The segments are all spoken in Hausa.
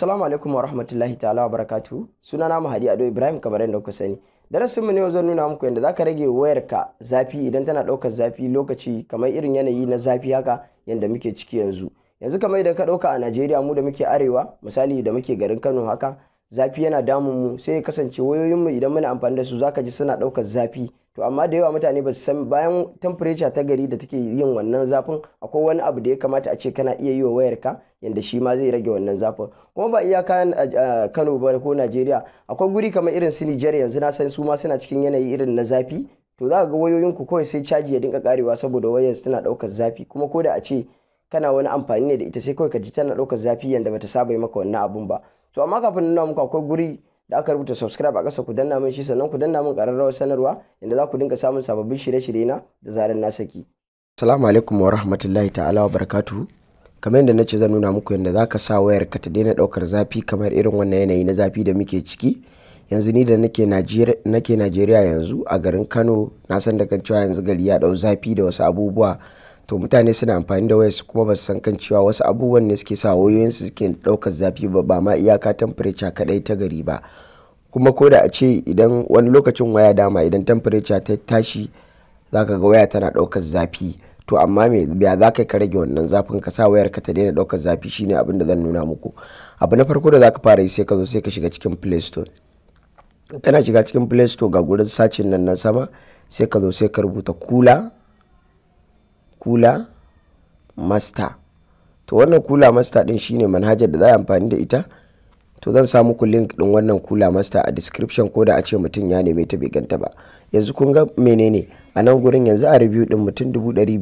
Salamu alaikum wa rahmatullahi ta'ala wa barakatu. suna na Mahadi Ado Ibrahim kamar yadda kuka sani. Darasin mu ne zan nuna muku yadda zaka rage wayarka zafi idan tana daukar zafi lokaci kamar irin yanayi na zafi haka yadda muke ciki yanzu. Yanzu kamar idan ka dauka a Najeriya mu da muke arewa misali da muke garin Kano haka zafi yana damun mu sai ya kasance wayoyin mu idan muna amfani da su zaka ji suna daukar zafi to amma da yawa mutane ba su san bayan temperature ta gari da take yin wannan zafin akwai wani abu da ya kamata a ce kana iya yi wa wayarka yanda shi ma zai rage wannan zafin kuma ba iya kan Kano ba ko Najeriya akwai guri kamar irin su Niger yanzu na san su ma suna cikin yanayi irin na zafi to za ga wayoyin ku kawai sai caji ya dinka karewa saboda wayar tana daukar zafi kuma ko da a ce kana wani amfani ne da ita sai kawai ka ji tana ɗaukar zafi yanda bata saba maka wannan abun ba to amma kafin nuna muku akwai guri da aka rubuta subscribe a ƙasa ku danna min shi sannan ku danna min ƙararrawar sanarwa inda za ku dinga samun sababbin shirye-shirye na da zarar na saki. Assalamu alaikum wa rahmatullahi ta'ala wa Kamar yadda na ce zan nuna muku yadda za ka sa wayar ka ta daina daukar zafi kamar irin wannan yanayi na zafi da muke ciki. Yanzu ni da nake Najeriya yanzu a garin Kano na san da kan cewa yanzu gari ya dau zafi da wasu abubuwa to mutane suna amfani da wayarsu kuma ba su san kan cewa wasu abubuwan ne suke sa wayoyinsu suke ɗaukar zafi ba ba ma iyaka tamfurica kadai ta gari ba kuma ko da a ce idan wani lokacin waya dama idan tamfurica ta tashi zaka ga waya tana ɗaukar zafi to amma me ya za ka rage wannan zafin ka sa wayar ka ta daina ɗaukar zafi shine abin da zan nuna muku abu na farko da za ka fara yi sai ka zo sai ka shiga cikin play store kana shiga cikin play store ga gurin sacin nan na sama sai ka zo sai ka rubuta kula kula master to wannan kula masta din shine manhajar da za a amfani da ita to zan samu muku link din wannan kula masta a description ko da a ce mutum ya neme ta bai ganta ba yanzu kun ga menene a nan gurin yanzu a review din mutum 572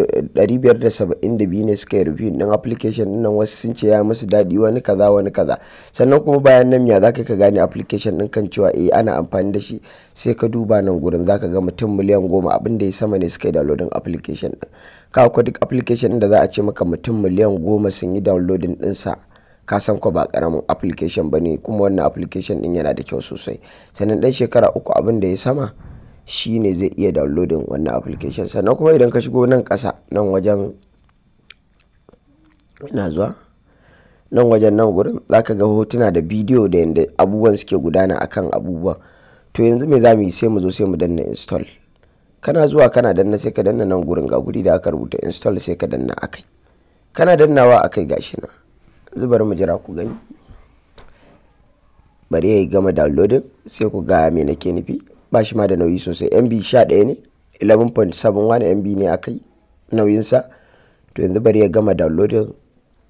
eh, ne suka yi review din application din nan wasu sun ce ya musu daɗi wani kaza wani kaza sannan kuma bayan nan ya zaka ka gane application din kan cewa e ana amfani da shi sai ka duba nan gurin zaka ga mutum miliyan goma abin da ya sama ne suka yi downloading application din ka duk application din da za a ce maka mutum miliyan goma sun yi downloading dinsa ka san ko ba karamin application bane kuma wannan application din yana da kyau sosai sannan dan shekara uku abin da ya sama shi ne zai iya downloading wannan application sannan kuma idan ka shigo nan ƙasa nan wajen ina zuwa nan wajen nan gurin za ka ga hotuna da bidiyo da yadda abubuwan suke gudana akan abubuwan to yanzu me za mu yi sai mu zo sai mu danna install kana zuwa kana danna sai ka danna nan gurin ga guri da aka rubuta install sai ka danna akai kana dannawa akai gashi nan zubar mu jira ku gani bari ya yi gama downloading sai ku ga me nake nufi ba shi ma da nauyi sosai mb 11 ne 11.71 mb ne yi nauyinsa to yanzu bari ya gama downloading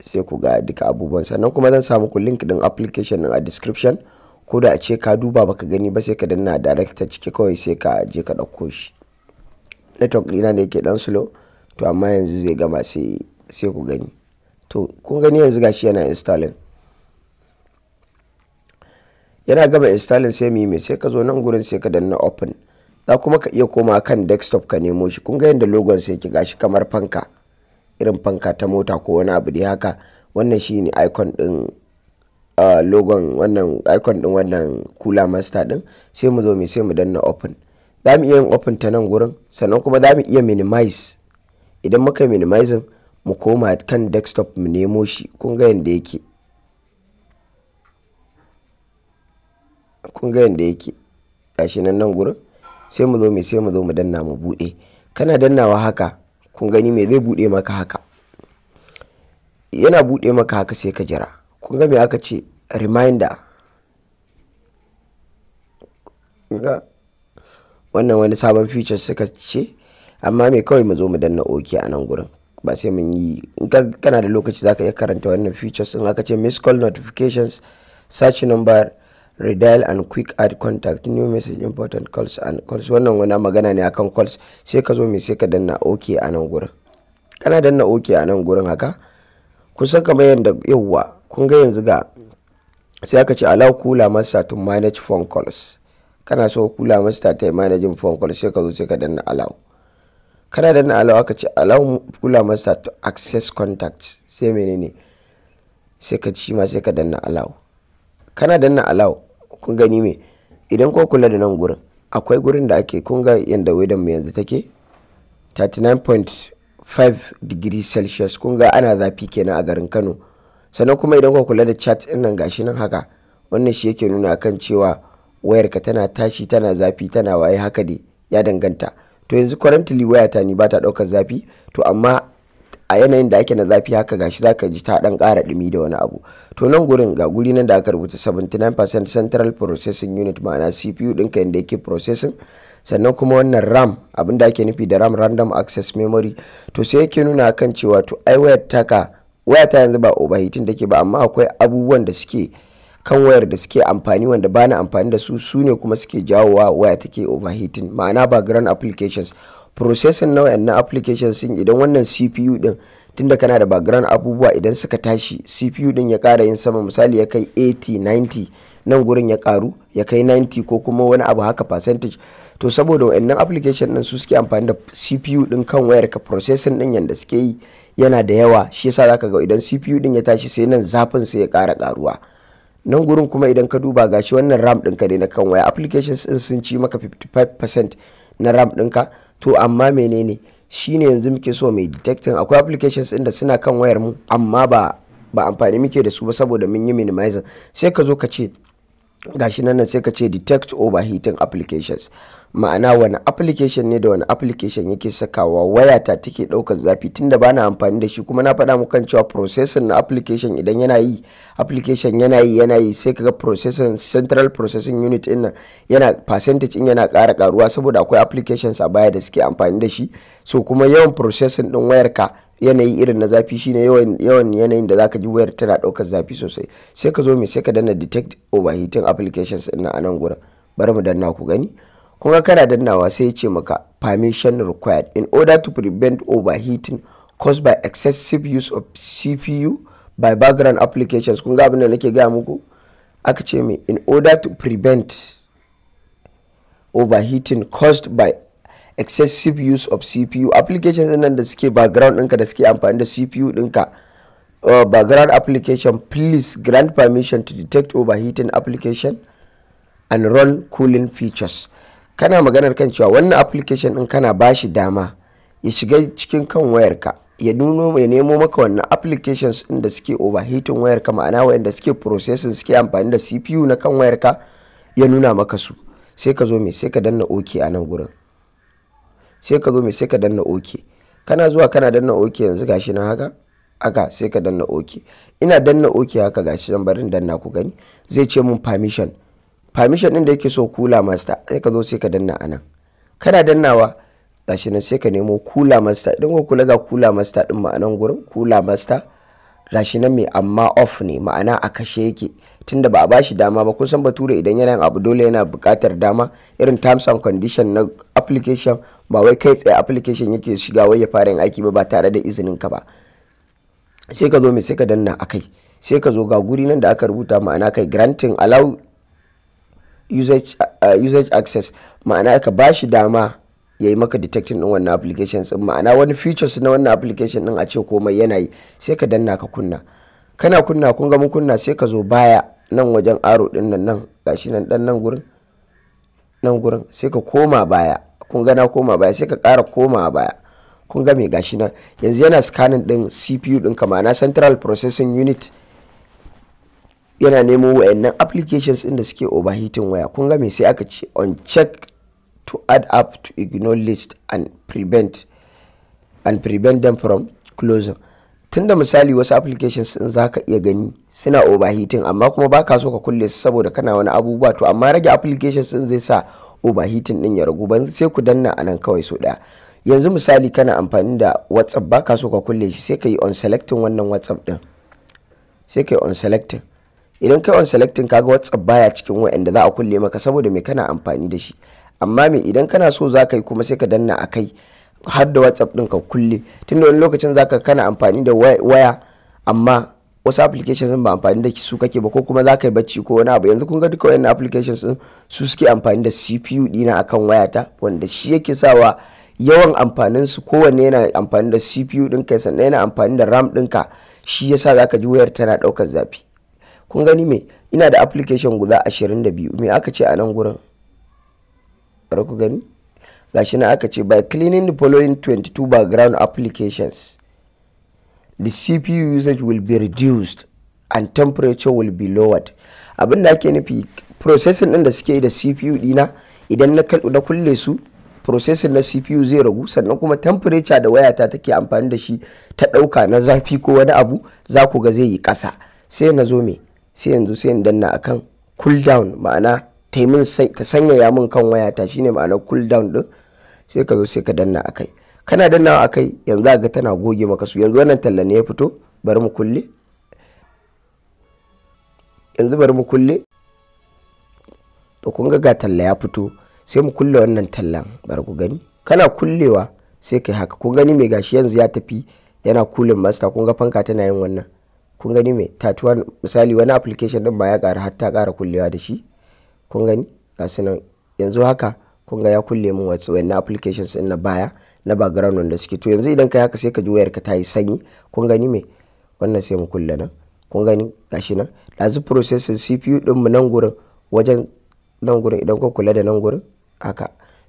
sai ku ga duka abubuwan sannan kuma zan samu ku link din application din a description ko da a ce ka duba baka gani ba sai ka danna direct cike kawai sai ka je ka ɗauko shi network ɗina ne yake dan slow to amma yanzu zai gama sai ku gani to kun gani yanzu gashi yana installing yana gama installing sai mu yi mai sai ka zo nan gurin sai ka danna open za kuma ka iya koma kan desktop ka nemo shi kun ga yadda logon sai ki gashi kamar fanka irin fanka ta mota ko wani abu dai haka wannan shine icon din uh, logon wannan icon din wannan kula master din sai mu zo mai sai mu danna open za mu iya yin open ta nan gurin sannan kuma za mu iya minimize idan muka minimizing mu koma kan desktop mu nemo shi kun ga yadda yake kun ga yadda yake gashi nan nan gurin sai mu zo mai sai mu zo mu danna mu buɗe kana dannawa haka kun gani me zai buɗe maka haka yana buɗe maka haka sai ka jira kun ga me aka ce reminder ga wannan wani sabon features suka ce amma mai kawai mu zo mu danna oke a nan gurin ba sai mun yi in kana da lokaci zaka iya karanta wannan features in aka ce miss call notifications search number redial and quick add contact new message important calls and calls wannan wani magana ne akan calls sai ka zo mai sai ka danna ok a nan gurin kana danna ok a nan gurin haka kusan kamar yadda yawwa kun ga yanzu ga sai aka ce allow kula master to manage phone calls kana so kula master ta yi managing phone calls sai ka zo sai ka danna allow kana danna allow aka ce allow kula master to access contacts sai menene sai ka ci ma sai ka danna allow kana danna allow kun gani me idan ko kula da nan gurin akwai gurin da ake kun ga yadda wedan mu yanzu take 39.5 degree celsius kun ga ana zafi kenan a garin kano sannan kuma idan ko kula da chat din nan gashi nan haka wannan shi yake nuna kan cewa wayarka tana tashi tana zafi tana waye haka dai ya danganta to yanzu currently wayata ni ba ta daukar zafi to amma a yanayin da ake na zafi haka gashi zaka ji ta dan kara ɗumi da wani abu to nan gurin ga guri nan da aka rubuta 79% central processing unit ma'ana cpu ɗinka inda yake processing sannan kuma wannan ram abin da ake nufi da ram random access memory to sai yake nuna kan cewa to ai wayar taka waya ta yanzu ba overheating take ba amma akwai abubuwan da suke kan wayar da suke amfani wanda bana amfani da su sune kuma suke jawowa waya take overheating ma'ana background applications processing na wayannan application sun idan wannan cpu din tunda kana da background abubuwa idan suka tashi cpu din ya kara yin sama misali ya kai 80 90 nan gurin ya karu ya kai 90 ko kuma wani abu haka percentage to saboda wayannan application din su suke amfani da cpu din kan wayar ka processing din yanda suke yi yana da yawa shi yasa zaka ga idan cpu din ya tashi sai nan zafin sai ya kara karuwa nan gurin kuma idan ka duba gashi wannan ram ɗinka ne na kan waya applications din sun ci maka 55% na ram ɗinka to amma menene ne yanzu muke so mai detecting akwai applications inda suna kan wayar mu amma ba ba amfani muke da su ba saboda mun yi minimizing sai ka zo ka ce gashi nan sai ka ce detect overheating applications ma'ana wani application ne da wani application yake sakawa wayata take ɗaukar zafi tunda ba na amfani da shi kuma na faɗa muku kan cewa processing na application idan yana yi application yana yi yana yi sai kaga processing central processing unit din nan yana percentage in yana ƙara ƙaruwa saboda akwai applications a baya da suke amfani da shi so kuma yawan processing din ka yanayi irin na zafi shine yawan yawan yanayin da zaka ji wayar tana ɗaukar zafi sosai sai ka zo mai sai ka danna detect overheating applications din nan a nan gurin bari mu danna ku gani kuma kana dannawa sai ya ce maka permission required in order to prevent overheating caused by excessive use of cpu by background applications kun ga abin da nake gaya muku aka ce mai in order to prevent overheating caused by excessive use of cpu applications nan da suke background ɗinka da suke amfani da cpu ɗinka uh, background application please grant permission to detect overheating application and run cooling features kana maganar kan cewa wannan application din kana bashi dama ya shiga cikin kan wayarka ya nuno ya nemo maka wannan applications din da suke overheating wayarka ma'ana wayanda suke processing suke amfani da CPU na kan wayarka ya nuna maka su sai ka zo mai sai ka danna OK a nan gurin sai ka zo mai sai ka danna OK kana zuwa kana danna OK yanzu gashi nan haka haka sai ka danna OK ina danna OK haka gashi nan barin danna ku gani zai ce mun permission permission din da yake so kula master sai ka zo sai ka danna anan kana dannawa gashi nan sai ka nemo kula master idan ko kula ga kula master din ma'anan gurin kula master gashi nan mai amma off ne ma'ana a kashe yake tunda ba a bashi dama ba kusan bature idan yana yin abu dole yana bukatar dama irin terms and condition na application ba wai kai tsaye application yake shiga wai ya fara yin aiki ba ba tare da izinin ka ba sai ka zo mai sai ka danna akai sai ka zo ga guri nan da aka rubuta ma'ana kai granting allow usage, uh, usage access ma'ana ka ba shi dama ya yi maka detecting din wannan application din ma'ana wani features na wannan application din a ce komai yana yi sai ka danna ka kunna kana kunna kun ga mun kunna sai ka zo baya nan wajen aro din nan nan gashi nan dan nan gurin nan gurin sai ka koma baya kun ga na koma baya sai ka ƙara koma baya kun ga me gashi nan yanzu yana scanning din CPU din ka ma'ana central processing unit yana nemo wayannan applications inda suke overheating waya kun ga me sai aka ce on check to add up to ignore list and prevent and prevent them from closing tunda misali wasu applications in zaka iya gani suna overheating amma kuma baka so ka kulle su saboda kana wani abubuwa to amma rage applications din zai sa overheating din ya ragu ban sai ku danna anan kawai so daya yanzu misali kana amfani da whatsapp ba ka so ka kulle shi sai ka yi on selecting wannan whatsapp din sai ka on selecting idan kai on selecting kaga whatsapp baya cikin waɗanda za a kulle maka saboda me kana amfani da shi amma me idan kana so za ka yi kuma sai ka danna a kai har da whatsapp ɗin ka kulle tunda wani lokacin za ka kana amfani da waya amma wasu applications ba amfani da su kake ba ko kuma za ka yi bacci ko wani abu yanzu kun ga duka wayannan applications su suke amfani da CPU dina akan wayata wanda shi yake sawa yawan amfanin su kowanne yana amfani da CPU ɗinka sannan yana amfani da RAM ɗinka shi yasa za ka ji wayar tana ɗaukar zafi kun gani me ina da application guda 22 me aka ce a nan gurin bari ku gani gashi na aka ce by cleaning the following 22 background applications the cpu usage will be reduced and temperature will be lowered abin da ake nufi processing din da suke da cpu dina idan na kulle su processing na cpu zai ragu sannan kuma temperature da wayata take amfani da shi ta ɗauka na zafi ko wani abu za ku ga zai yi kasa sai na zo me sai yanzu sai in danna akan cool down ma'ana ta min ka sanyaya min kan wayata shine ma'ana cool down din sai ka zo sai ka danna akai kana dannawa akai yanzu ga tana goge maka su yanzu wannan talla ne ya fito bari mu kulle yanzu bari mu kulle to kun ga talla ya fito sai mu kulle wannan tallan bari ku gani kana kullewa sai kai haka kun gani mai gashi yanzu ya tafi yana kulin masta kun ga fanka tana yin wannan kun gani mai tatuwar misali wani application din ba ya ƙara hatta ƙara kullewa da shi kun gani ga nan yanzu haka kun ga ya kulle min wasu wani applications din na baya na background wanda suke to yanzu idan ka haka sai ka ji wayarka ta yi sanyi kun gani mai wannan sai mu kulle nan kun gani gashi nan lazu processing cpu ɗin nan gurin wajen nan gurin idan ka kula da nan gurin haka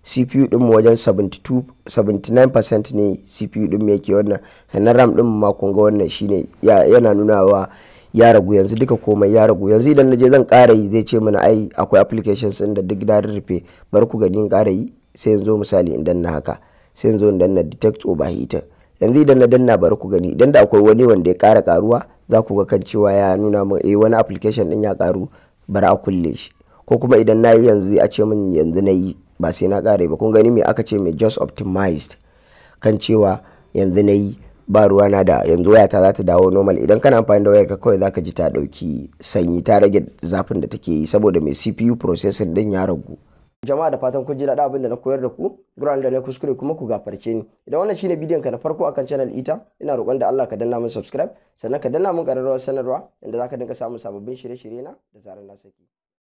cpu din mu wajen 79% ne cpu din mu yake wannan sannan ram din ma kun ga wannan shine yana nunawa ya ragu yanzu duka komai ya ragu yanzu idan naje zan kara yi zai ce mana ai akwai applications din da duk da rufe bar ku gani in ƙara yi sai yanzu misali in danna haka sai yanzu in danna detect overheater yanzu idan na danna bari ku gani idan da akwai wani wanda ya kara karuwa za ku ga kan cewa ya nuna min eh wani application din ya karu bara a kulle shi ko kuma idan na yi yanzu a ce min yanzu na yi ba sai na kare ba kun gani me aka ce mai just optimized kan cewa yanzu na yi ba ruwa na da yanzu wayata za ta dawo normal idan kana amfani da wayarka kawai zaka ji ta dauki sanyi ta rage zafin da take yi saboda mai CPU processor din ya ragu jama'a da fatan kun ji daɗa abin da na koyar da ku guran da na kuskure kuma ku gafarce ni idan wannan shine bidiyon ka na farko akan channel ita ina roƙon da Allah ka danna min subscribe sannan ka danna min ƙararrawar sanarwa inda zaka dinga samun sababbin shirye-shirye na da zarar na saki